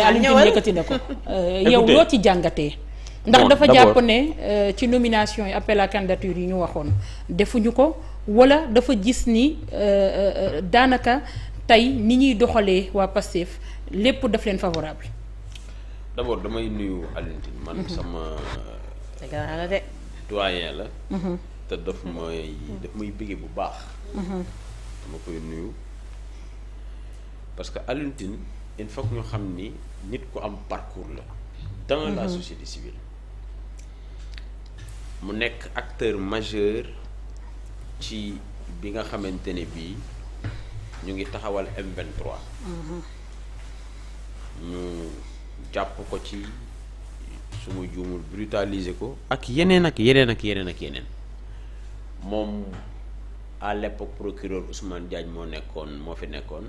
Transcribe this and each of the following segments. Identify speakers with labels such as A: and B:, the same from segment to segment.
A: ne Alioune Tine yëkkati
B: na ko yow loo ci jàngatee ndax dafa jàpp ne euh, ci nomination yi appel à candidature yi ñu waxoon defuñu ko wala dafa gis ni euh, euh, daanaka tey ni ñuy doxalee waa Pastef lépp daf leen favorable d'abord damay nuyu Alioune man mhm. sama doyen la mhm. te daf may daf may bëggee bu baax mhm. dama koy nuyu parce que Alioune il faut ñu xam ni nit ku am parcours la dans mm -hmm. la mhm. société civile mu nekk acteur majeur ci bi nga xamante ne bii ñu ngi taxawal M23 mhm. ñu jàpp ko ci su ma juumul brutaliser ko ak yeneen ak yeneen ak yeneen ak yeneen moom à l'époque procureur Ousmane Diagne moo nekkoon moo fi nekkoon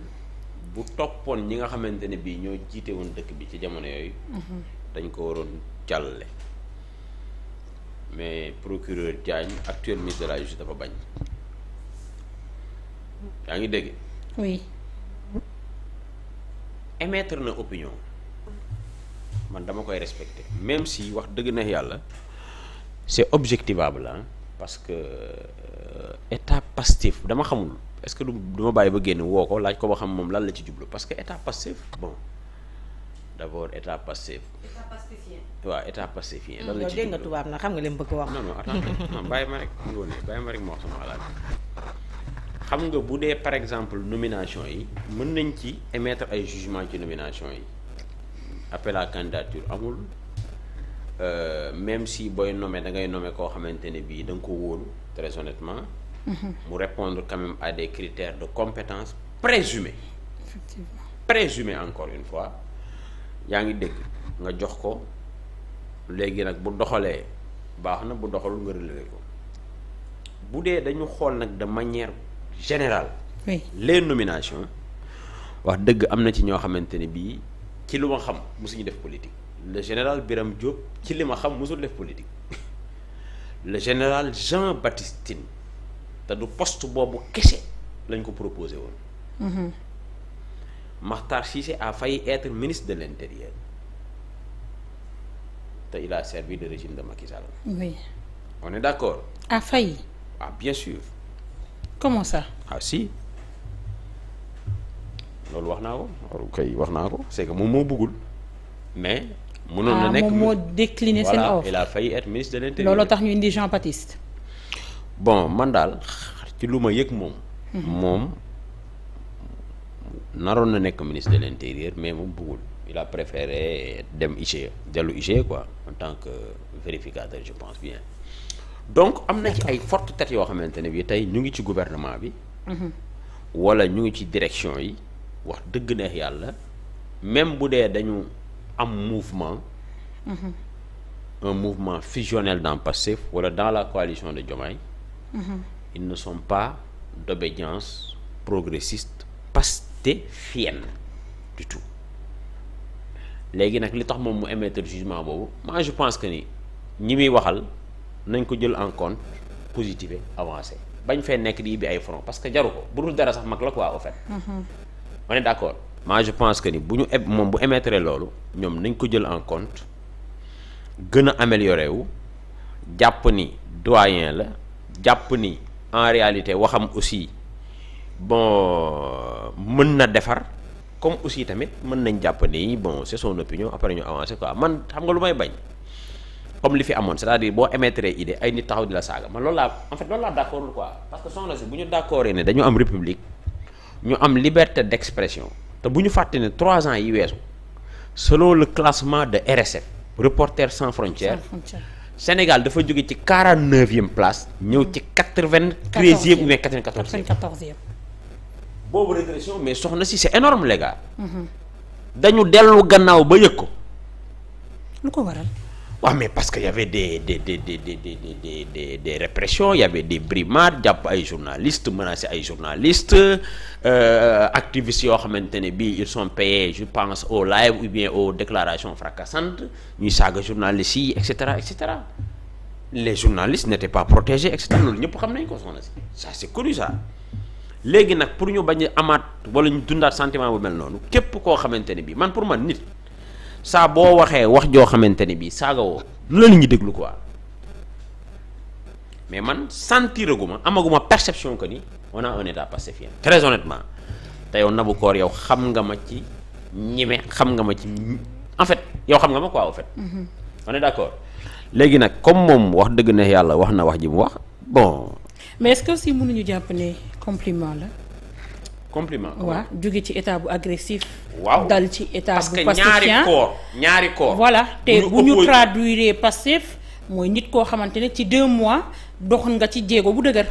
B: bu toppoon ñi nga xamante ne bii ñoo jiite woon dëkk bi ci jamono yooyu. dañ ko waroon jàllale. mais procureur Diagne actuel ministre de la justice dafa bañ. yaa ngi dégg. oui. émettre na opinion. man dama koy respecter même si wax dëgg na yàlla c'est objectivable ah parce que euh, état Pastef dama xamul. est-ce que du ma bàyyi ba génn woo ko laaj ko ba xam moom lan la ci jublu parce que état passif bon d'abord état passif. état pacifié. waaw état pacifié. lan la ci jublu dégg nga tubaab na xam nga li bëgg wax. non non attends non bàyyi ma rek ngoone bàyyi ma rek ma wax sama xalaat xam nga bu dee par exemple nomination yi mën nañ ci émettre ay jugement ci nomination yi appel à candidature amul euh, même si booy nommé da ngay nommé koo xamante ne bii da nga ko wóolu très honnêtement. Mhm. mu répondre quand même à des critères de compétence présumés effectivement présumés encore une fois yaa ngi dégg nga jox ko léegi nag bu doxalee baax na bu doxalul nga relever ko bu dee dañu xool nag de manière général oui. nomination wax dëgg am na ci ñoo xamante ne bii ci lu ma xam mosuñu def politique le général biram Diop ci li ma xam mosul def politique le général Jean Baptiste te du poste boobu kese lañ ko proposé woon. Mhm. Makhtar Cissé a failli être ministre de l'intérieur te il a servi le régime de Macky Sall. oui on est d'accord. a failli. ah bien sûr. comment ça. ah si. loolu wax naa ko kay wax naa ko c'est que moom moo bëggul mais. mënoon ah, na nekk moom moo décliné seen offre voilà il a failli être tax ñu indi Jean Baptiste. bon man daal ci lu ma yëg moom. Mhm. moom naroon na nekk ministre de l' mais moom bëggul il a préféré dem IGE dellu IGE quoi en tant que vérificateur je pense bien. donc am na ci ay fortes têtes yoo xamante ne bi tey ñu ngi ci gouvernement bi. Mhm. wala ñu ngi ci direction yi wax dëgg neex yàlla même bu dee dañu am mouvement. Mhm. un mouvement fusionnel dans Pastef wala dans la coalition de Diomaye. Mm-hmm. ils ne sont pas d'obédience progressiste pastéfienne du tout léegi nag li tax moom mu émettre jugement boobu moi je pense que ni ñi muy waxal nañ ko jël en compte positiver avancer bañ fee nekk di bi ay front parce que jaru ko bu dul dara sax mag la ko au fait. Mm-hmm. on est d'accord. moi je pense que ni bu ñu eb moom bu émettre loolu ñoom nañ ko jël en compte gën a améliorer wu jàpp ni doyen la. jàpp ni en réalité waxam aussi bon mën na defar comme aussi tamit mën nañ jàpp nii bon c'est son opinion après ñu avancer ko man xam nga lu may bañ comme li fi amoon c'est-à-dire boo émettre idée ay nit taxaw di la saaga man loolu laa en fait loolu laa d'accordul quoi parce que soxna si bu ñu d'accord ne dañu am république ñu am liberté d'expression te bu ñu fàtte ne trois ans yi weesu selon le classement de RSF Reporters sans frontières sans frontières Sénégal dafa jóge ci quarante neuvième place ñëw ci quatre vingt treizième ou bien quatre vingt quatorzième boobu régression mais soxna si c'est énorme les gars mhm. dañu dellu gannaaw ba yëg ko lu ko waral waaw ah, mais parce que y de des de de des des des de des répressions y avait des brimades jàpp ay a menacé ay journalistes euh, activistes yoo xamante ne bii ils sont payés je pense au live ou bien aux déclarations fracassantes ñuy saaga journalistes yi et cetera et les journalistes n'étaient pas protégés et cetera loolu ñëpp xam nañ ko soxna si ça c'est connu ça léegi nag pour ñu bañ amaat wala ñu dundaat sentiment bu mel noonu képp koo xamante ne bii man pour man nit. saa boo waxee wax joo xamante ni bii saaga woo lu la nit ñi déglu quoi mais man sentiraguma amaguma perception que ni on a un état pastefien très honnêtement te yow Nabou Cor yow xam nga ma ci ñime xam nga ma ci en fait yow xam nga ma quoi en fait. Mhm. on est d'accord léegi nag comme moom wax dëgg na yàlla wax na wax ji mu wax bon. mais est-ce que aussi mënuñu jàpp ne compliment la. compliment waaw jóge ci état bu agressif. waaw dal ci état bu. parce que ñaari corps ñaari corps. voilà te bu ñu traduire passif mooy nit koo xamante ne ci deux mois dox nga ci jéego bu dëgër.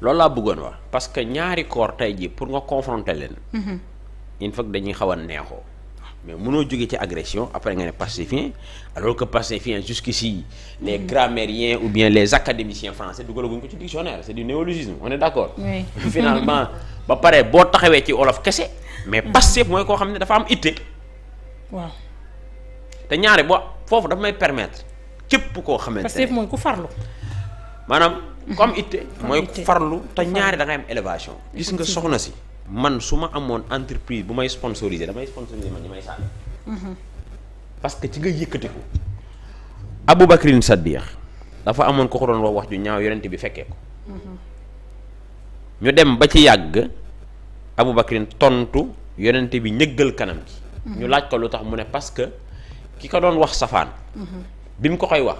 B: loolu laa bëggoon wa parce que ñaari corps tey jii pour nga confronté leen. Mhm. il faut dañuy xaw a neexoo. mais munoo jógee ci agression après nga ne pacifien alors que pacifien jusqu'ici les mm. grammairiens ou bien les académiciens français dugalaguñ ko ci dictionnaire c'est du néologisme on est d'accord oui. finalement ba pare boo taxawee ci olof kese mais mm. passif mooy koo xam ne dafa am itte waaw te ñaare boo foofu dafa may permettre képp koo xamante ne passif mooy ku farlu maanaam ku am itte mooy ku farlu te ñaare da am élévation gis nga soxna si man su ma amoon entreprise bu may sponsoriser damay sponsoriser ma ñi may sànni. Mhm. parce que ci nga yëkkatiku. Aboubacrine Saddiq dafa amoon ko ko doon wax wax ju ñaaw yonent bi fekkee ko. Mhm. ñu dem ba ci yàgg abu Aboubacrine tontu yonent bi ñëggal kanam ki mhm. ñu laaj ko lu tax mu ne parce que ki ko doon wax safaan. bi mu ko koy wax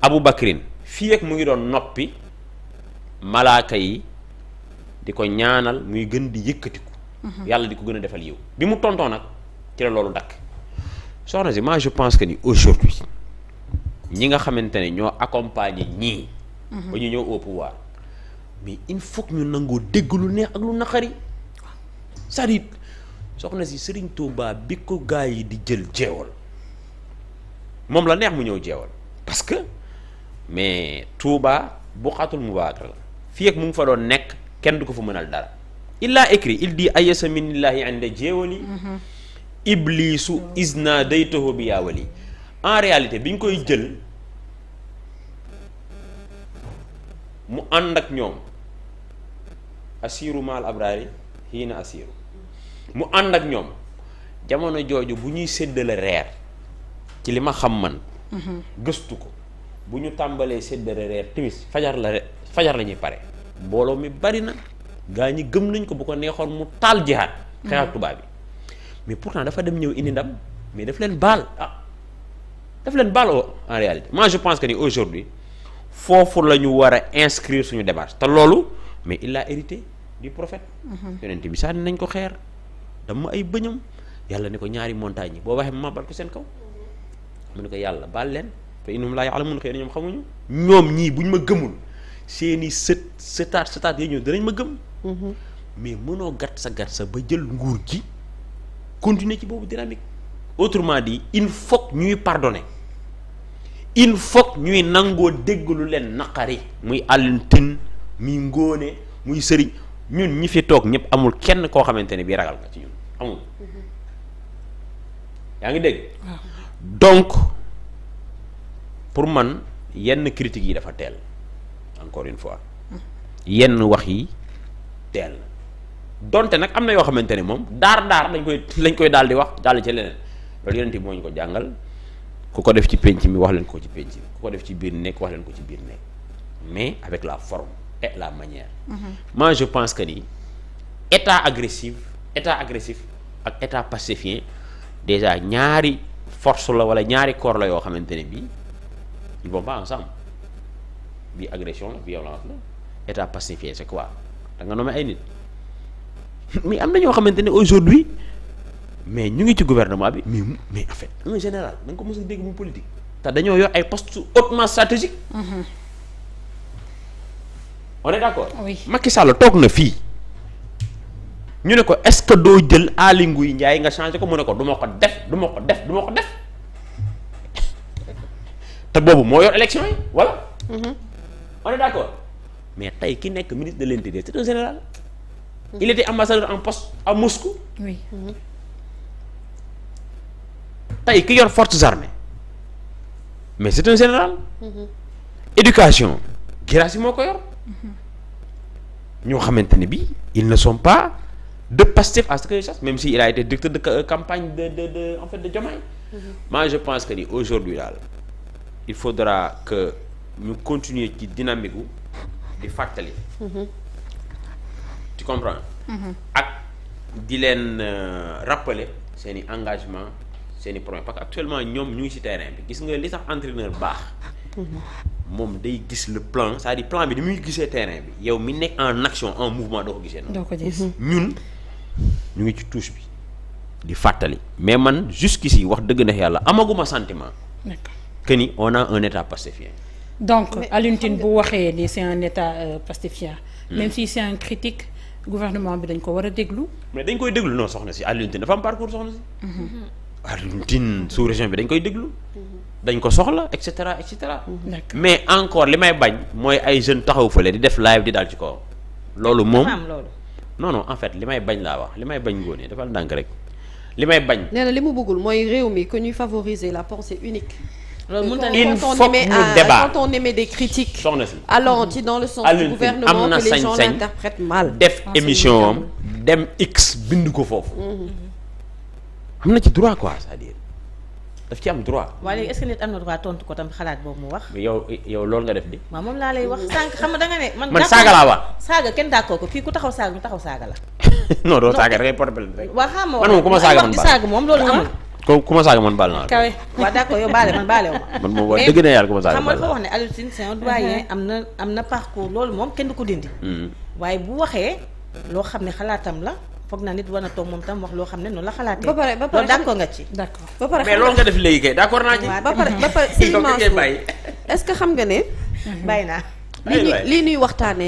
B: Aboubacrine fii ak mu ngi doon noppi malaaka yi. di ko ñaanal muy gën di yëkkatiku. Mhm. yàlla di ko gën a defal yiw bi mu tontoo nag ci la loolu dakk soxna si moi je pense que ni aujourd'hui ñi nga xamante ne ñoo accompagner ñii. Mhm. ba ñu ñëw au pouvoir mais il faut que ñu nangoo dégg lu neex ak lu naqari sarit soxna si Serigne Touba bi ko gaa yi di jël jeewal moom la neex mu ñëw jeewal parce que mais Touba bu xatul mu baax la fii ak mu ngi fa doon nekk. kenn du ko fa mënal dara il a écrit il dit ayasa minillaahi inde jéewali mm-hmm. iblisu isna daytaho bi en réalité bi ñu koy jël mu ànd ak ñoom assiru maal abraari hiina assiru mu ànd ak ñoom jamono jooju bu ñuy séddale reer ci li ma xam man mm-hmm. gëstu ko bu ñu tàmbalee séddale reer timis fajar la fajar la pare mbooloo mi bari na gaa ñi gëm nañ ko bu ko neexoon mu taal jihaad xeex ak mm-hmm. tubaab bi mais pour pourtant dafa dem ñëw indi ndam mais daf leen baal ah def leen baal en réalité moi pense que ni aujourd'hui foofu la ñu war a inscrire suñu démarche te loolu mais il l'a hérité du prophète mm-hmm. yonent bi sànni nañ ko xeer dama ay bëñam yàlla ni ko ñaari montagne yi boo waxee ma mabal ko seen kaw mm-hmm. mu ne ko yàlla baal leen fa innahum laa ya'lamuun xëy na ñoom xamuñu ñoom ñii bu ñu ma gëmul seeni sët sëtaat sëtaat yi danañ ma gëm mm-hmm. mais mënoo gat sa gàtt sa ba jël nguur gi continuer ci boobu dynamique autrement dit il ñuy pardonner il faut ñuy nangoo dégg lu leen naqari muy Alioune Tine muy Ngone muy sëriñ ñun ñi fi toog ñëpp amul kenn koo xamante ne bii ragal nga ci ñun amul mm-hmm. yaa ngi dégg donc pour man yenn critiques yi dafa teel encore une fois yenn wax yi teel na donte nag am na yoo xamante ne moom daar daar lañ koy lañ koy daal di wax daal ci leneen loolu yeneen moo ñu ko jàngal ku ko def ci penc mi wax leen ko ci penc mi ku ko def ci biir nekk wax leen ko ci biir nekk mais avec la forme et la manière. Mm -hmm. moi je pense que ni état agressif état agressif ak état pacifié déjà ñaari force la walla ñaari corps la yoo xamante ne bii ils vont pas ensemble. bi agression la violence la état pacifié c'est quoi da nga nommé ay nit mii am na ñoo xamante ne aujourd'hui mais ñu ngi ci gouvernement bi mais mais en général da nga ko mos a dégg mu politique te dañoo yor ay post hautement stratégiques mmh. on est d'accord oui Macky toog na fii ñu ne ko est-ce que doo jël Aly Ngouille Ndiaye nga changé ko mu ne ko du ko def du ko def du ma ko def te boobu moo yor élection yi voilà. Mhm. on est d'accord mais tey ki nekk ministre de l'intérieur c'est un général il était ambassadeur en poste à Moscou oui tey ki yor forces armées mais c'est un général éducation Guirassy moo ko yor ñoo xamante ni bi ils ne sont pas de Pastef à ce que je sache même si il a été directeur de euh, campagne de de de en mhm. moi je pense que ni aujourd'hui daal il faudra que ñu continuer ci dynamique di fàttali. Mhm. tu comprends. Mhm. ak di leen euh, rappeler seen i engagement seeni i projet parce que actuellement ñoom ñu ngi ci terrain bi gis nga li tax entraîneur baax. Mhm. moom day gis le plan cest à plan bi ni muy gisee terrain bi yow mi nekk en action en mouvement doo ko gisee. doo ko gis ñun ñu ngi ci touche bi di fàttali. mais man jusqu'ici wax dëgg na yàlla amaguma sentiment. que ni on a un état passéfien. donc Alioune Tine bu waxee ni c'est un état euh, plasticien hmm. même si c'est un critique gouvernement bi dañ ko war a déglu. mais dañ koy déglu non soxna si Alioune Tine dafa am parcours soxna si. Hmm. Hmm. Alioune Tine région bi dañ koy déglu. dañ ko soxla et cetera et cetera. mais encore li may bañ mooy ay jeunes taxaw fële di def live di daal ci kawam. loolu moom non non en fait li may bañ laa wax li may bañ ngoone dafal ndànk rek li may bañ. nee na li mu bëggul mooy réew mi que ñuy favoriser la pensée unique. Euh, il faut ñu débat quand on émet des critiques. soxna si alors ci dans le sens du gouvernement am na sañ-sañ def émission am ah, dem x bind ko foofu. Mm-hmm. am na ci droit quoi c'est-à-dire daf ci am droit. waaw léegi est-ce que nit am na droit tontu ko tam xalaat boobu mu wax. yow yow loolu nga def di. waaw moom laa lay wax mm-hmm. sànq xam nga da nga ne. man man saaga laa wax. saaga kenn dàqoo ko fii ku taxaw saaga ñu taxaw saaga la. non doo saaga rek ay problème rek. waaw xam nga man moom ku ma saaga man baax wax di saaga moom loolu amul. ko ku ma saaga man baal naa la. kawe waaw d'accord baale man baale wu ma. man moom wax dëgg na yàlla ku ma saaga baal la xam ne Alioune Tine c'est mm-hmm. am na am na parcours loolu moom kenn du ko dindi. Mm-hmm. waaye bu waxee loo xam ne xalaatam la. foog naa nit war na moom tam wax loo xam ne noonu la xalaatee. ba pare ba pare loolu d'accord nga ci. ba pare ce que xam nga ne. bàyyi naa. lii ñuy lii ñuy waxtaanee.